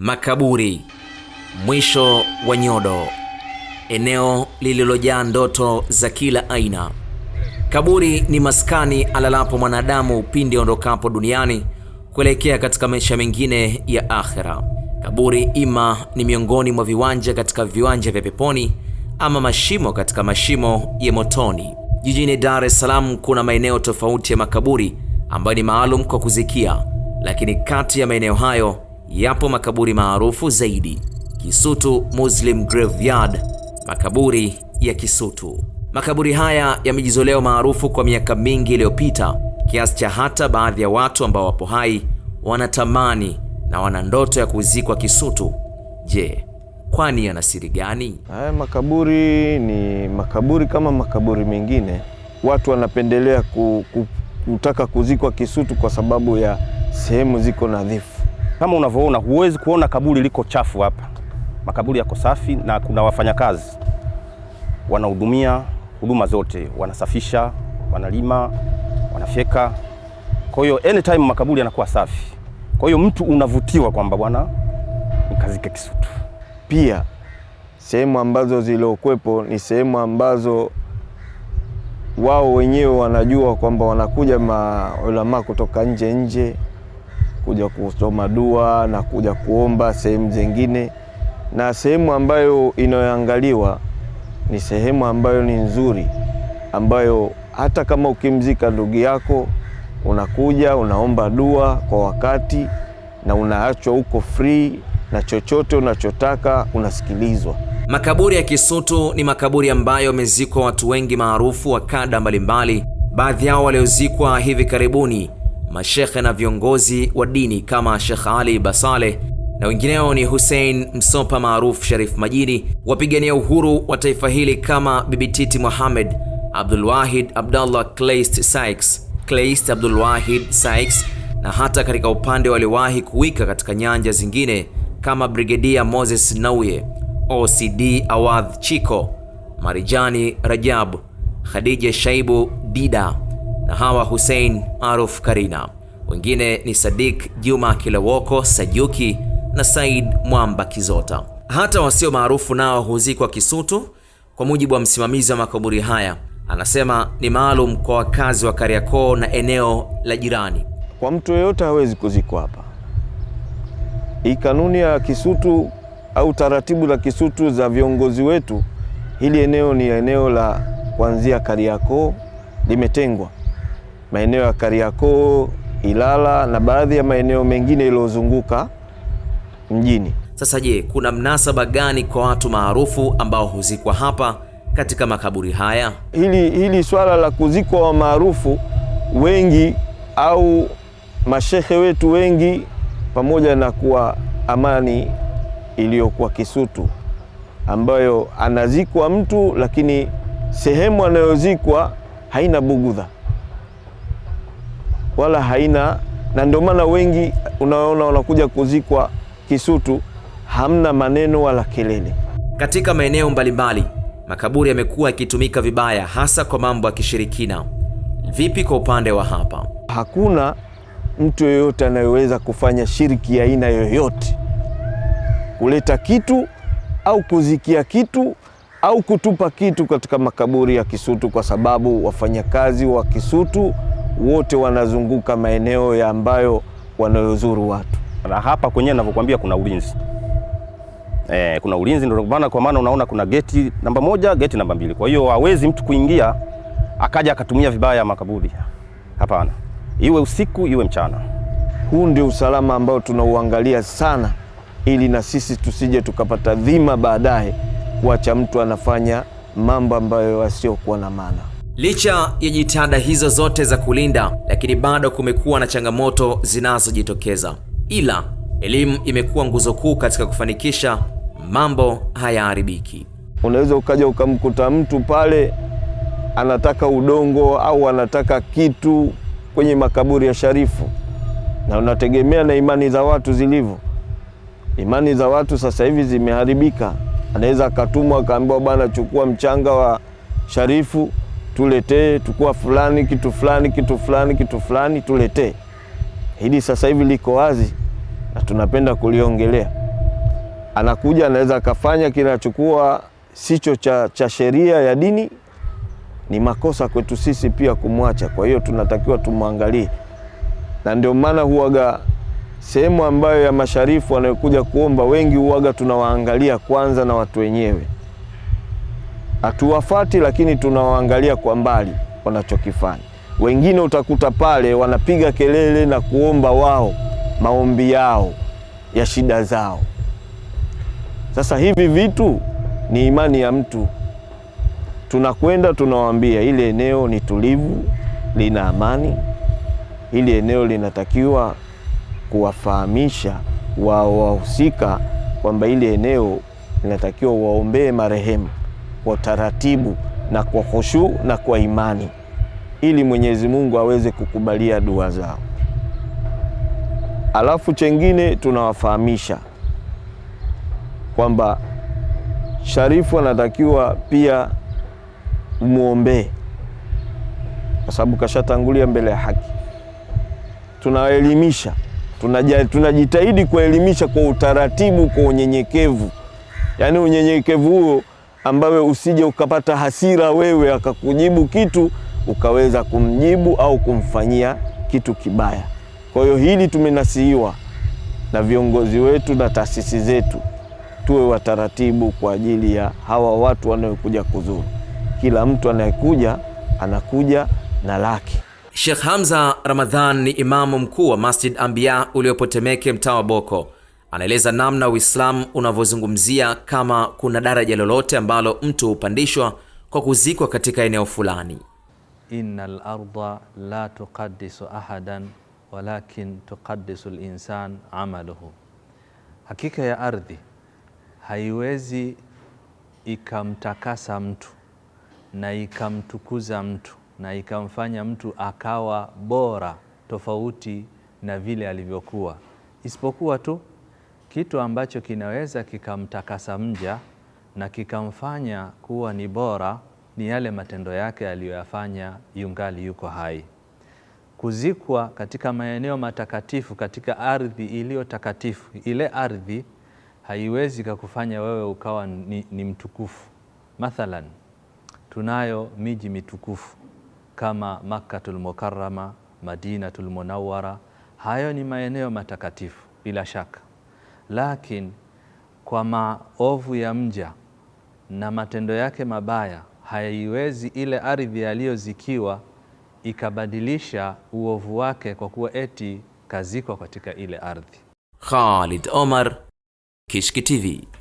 Makaburi, mwisho wa nyodo, eneo lililojaa ndoto za kila aina. Kaburi ni maskani alalapo mwanadamu pindi aondokapo duniani kuelekea katika maisha mengine ya akhera. Kaburi ima ni miongoni mwa viwanja katika viwanja vya peponi ama mashimo katika mashimo ya motoni. Jijini Dar es Salaam kuna maeneo tofauti ya makaburi ambayo ni maalum kwa kuzikia, lakini kati ya maeneo hayo yapo makaburi maarufu zaidi: Kisutu Muslim Graveyard, makaburi ya Kisutu. Makaburi haya yamejizolea maarufu kwa miaka mingi iliyopita, kiasi cha hata baadhi ya watu ambao wapo hai wanatamani na wana ndoto ya kuzikwa Kisutu. Je, kwani yana siri gani? Haya makaburi ni makaburi kama makaburi mengine. Watu wanapendelea ku, ku, kutaka kuzikwa Kisutu kwa sababu ya sehemu ziko nadhifu kama unavyoona, huwezi kuona kaburi liko chafu hapa. Makaburi yako safi na kuna wafanyakazi wanahudumia huduma zote, wanasafisha, wanalima, wanafyeka. Kwa hiyo anytime makaburi yanakuwa safi. Kwa hiyo mtu unavutiwa kwamba bwana nikazike Kisutu. Pia sehemu ambazo ziliokuwepo ni sehemu ambazo wao wenyewe wanajua kwamba wanakuja maulamaa kutoka nje nje kuja kusoma dua na kuja kuomba sehemu zingine, na sehemu ambayo inayoangaliwa ni sehemu ambayo ni nzuri, ambayo hata kama ukimzika ndugu yako unakuja unaomba dua kwa wakati na unaachwa huko free na chochote unachotaka unasikilizwa. Makaburi ya Kisutu ni makaburi ambayo wamezikwa watu wengi maarufu wa kada mbalimbali, baadhi yao waliozikwa hivi karibuni mashekhe na viongozi wa dini kama Sheikh Ali Basale na wengineo ni Hussein Msopa maarufu Sharif Majini, wapigania uhuru wa taifa hili kama Bibi Titi Mohamed, Abdul Wahid Abdallah Kleist Sykes, Kleist Abdul Wahid Sykes, na hata katika upande waliowahi kuwika katika nyanja zingine kama Brigedia Moses Nauye, OCD Awadh Chiko, Marijani Rajab, Khadija Shaibu Dida na hawa Hussein Aruf Karina, wengine ni Sadik Juma Kilewoko Sajuki na Said Mwamba Kizota. Hata wasio maarufu nao huzikwa Kisutu. Kwa mujibu wa msimamizi wa makaburi haya, anasema ni maalum kwa wakazi wa Kariakoo na eneo la jirani. Kwa mtu yeyote hawezi kuzikwa hapa. Hii kanuni ya Kisutu au taratibu za Kisutu za viongozi wetu, hili eneo ni eneo la kuanzia Kariakoo limetengwa maeneo ya Kariakoo, Ilala na baadhi ya maeneo mengine yaliyozunguka mjini. Sasa je, kuna mnasaba gani kwa watu maarufu ambao huzikwa hapa katika makaburi haya? Hili, hili swala la kuzikwa wa maarufu wengi au mashehe wetu wengi, pamoja na kuwa Amani iliyokuwa Kisutu ambayo anazikwa mtu, lakini sehemu anayozikwa haina bugudha wala haina, na ndio maana wengi unaona wanakuja kuzikwa Kisutu, hamna maneno wala kelele. Katika maeneo mbalimbali makaburi yamekuwa yakitumika vibaya, hasa kwa mambo ya kishirikina. Vipi kwa upande wa hapa? Hakuna mtu yeyote anayeweza kufanya shiriki ya aina yoyote, kuleta kitu au kuzikia kitu au kutupa kitu katika makaburi ya Kisutu, kwa sababu wafanyakazi wa Kisutu wote wanazunguka maeneo ya ambayo wanayozuru watu, na hapa kwenyewe ninavyokuambia kuna ulinzi e, kuna ulinzi ndio maana, kwa maana unaona kuna geti namba moja, geti namba mbili. Kwa hiyo hawezi mtu kuingia akaja akatumia vibaya makaburi, hapana, iwe usiku iwe mchana. Huu ndio usalama ambao tunauangalia sana, ili na sisi tusije tukapata dhima baadaye kuacha mtu anafanya mambo ambayo yasiyokuwa na maana. Licha ya jitihada hizo zote za kulinda, lakini bado kumekuwa na changamoto zinazojitokeza, ila elimu imekuwa nguzo kuu katika kufanikisha mambo hayaharibiki. Unaweza ukaja ukamkuta mtu pale anataka udongo au anataka kitu kwenye makaburi ya Sharifu, na unategemea na imani za watu zilivyo. Imani za watu sasa hivi zimeharibika. Anaweza akatumwa akaambiwa, bwana, chukua mchanga wa Sharifu tuletee, tukua fulani kitu fulani kitu fulani kitu fulani tuletee. Hili sasa hivi liko wazi na tunapenda kuliongelea. Anakuja anaweza akafanya kinachukua sicho cha, cha sheria ya dini, ni makosa kwetu sisi pia kumwacha. Kwa hiyo tunatakiwa tumwangalie, na ndio maana huaga sehemu ambayo ya masharifu wanayokuja kuomba wengi huaga tunawaangalia kwanza na watu wenyewe hatuwafati, lakini tunawaangalia kwa mbali wanachokifanya. Wengine utakuta pale wanapiga kelele na kuomba wao maombi yao ya shida zao. Sasa hivi vitu ni imani ya mtu. Tunakwenda tunawaambia ile eneo ni tulivu, lina amani, hili eneo linatakiwa kuwafahamisha wao wahusika kwamba ile eneo linatakiwa waombee marehemu kwa utaratibu na kwa khushu na kwa imani, ili Mwenyezi Mungu aweze kukubalia dua zao. Alafu chengine tunawafahamisha kwamba Sharifu anatakiwa pia umwombee, kwa sababu kashatangulia mbele ya haki. Tunawaelimisha, tunajitahidi kuwaelimisha kwa utaratibu, kwa unyenyekevu, yaani unyenyekevu huo ambayo usije ukapata hasira wewe akakujibu kitu ukaweza kumjibu au kumfanyia kitu kibaya. Kwa hiyo hili tumenasihiwa na viongozi wetu na taasisi zetu, tuwe wataratibu kwa ajili ya hawa watu wanaokuja kuzuru. Kila mtu anayekuja anakuja na lake. Sheikh Hamza Ramadhan ni imamu mkuu wa Masjid Ambia uliopo Temeke, mtaa wa Boko. Anaeleza namna Uislamu unavyozungumzia kama kuna daraja lolote ambalo mtu hupandishwa kwa kuzikwa katika eneo fulani. Innal arda la tuqaddisu ahadan walakin tuqaddisu linsan amaluhu, hakika ya ardhi haiwezi ikamtakasa mtu na ikamtukuza mtu na ikamfanya mtu akawa bora tofauti na vile alivyokuwa isipokuwa tu kitu ambacho kinaweza kikamtakasa mja na kikamfanya kuwa ni bora ni yale matendo yake aliyoyafanya yungali yuko hai. Kuzikwa katika maeneo matakatifu, katika ardhi iliyo takatifu, ile ardhi haiwezi kakufanya wewe ukawa ni, ni mtukufu. Mathalan, tunayo miji mitukufu kama Makkatul Mukarrama, Madinatul Munawwara. Hayo ni maeneo matakatifu bila shaka lakini kwa maovu ya mja na matendo yake mabaya, haiwezi ile ardhi aliyozikiwa ikabadilisha uovu wake kwa kuwa eti kazikwa katika ile ardhi. Khalid Omar, Kishki TV.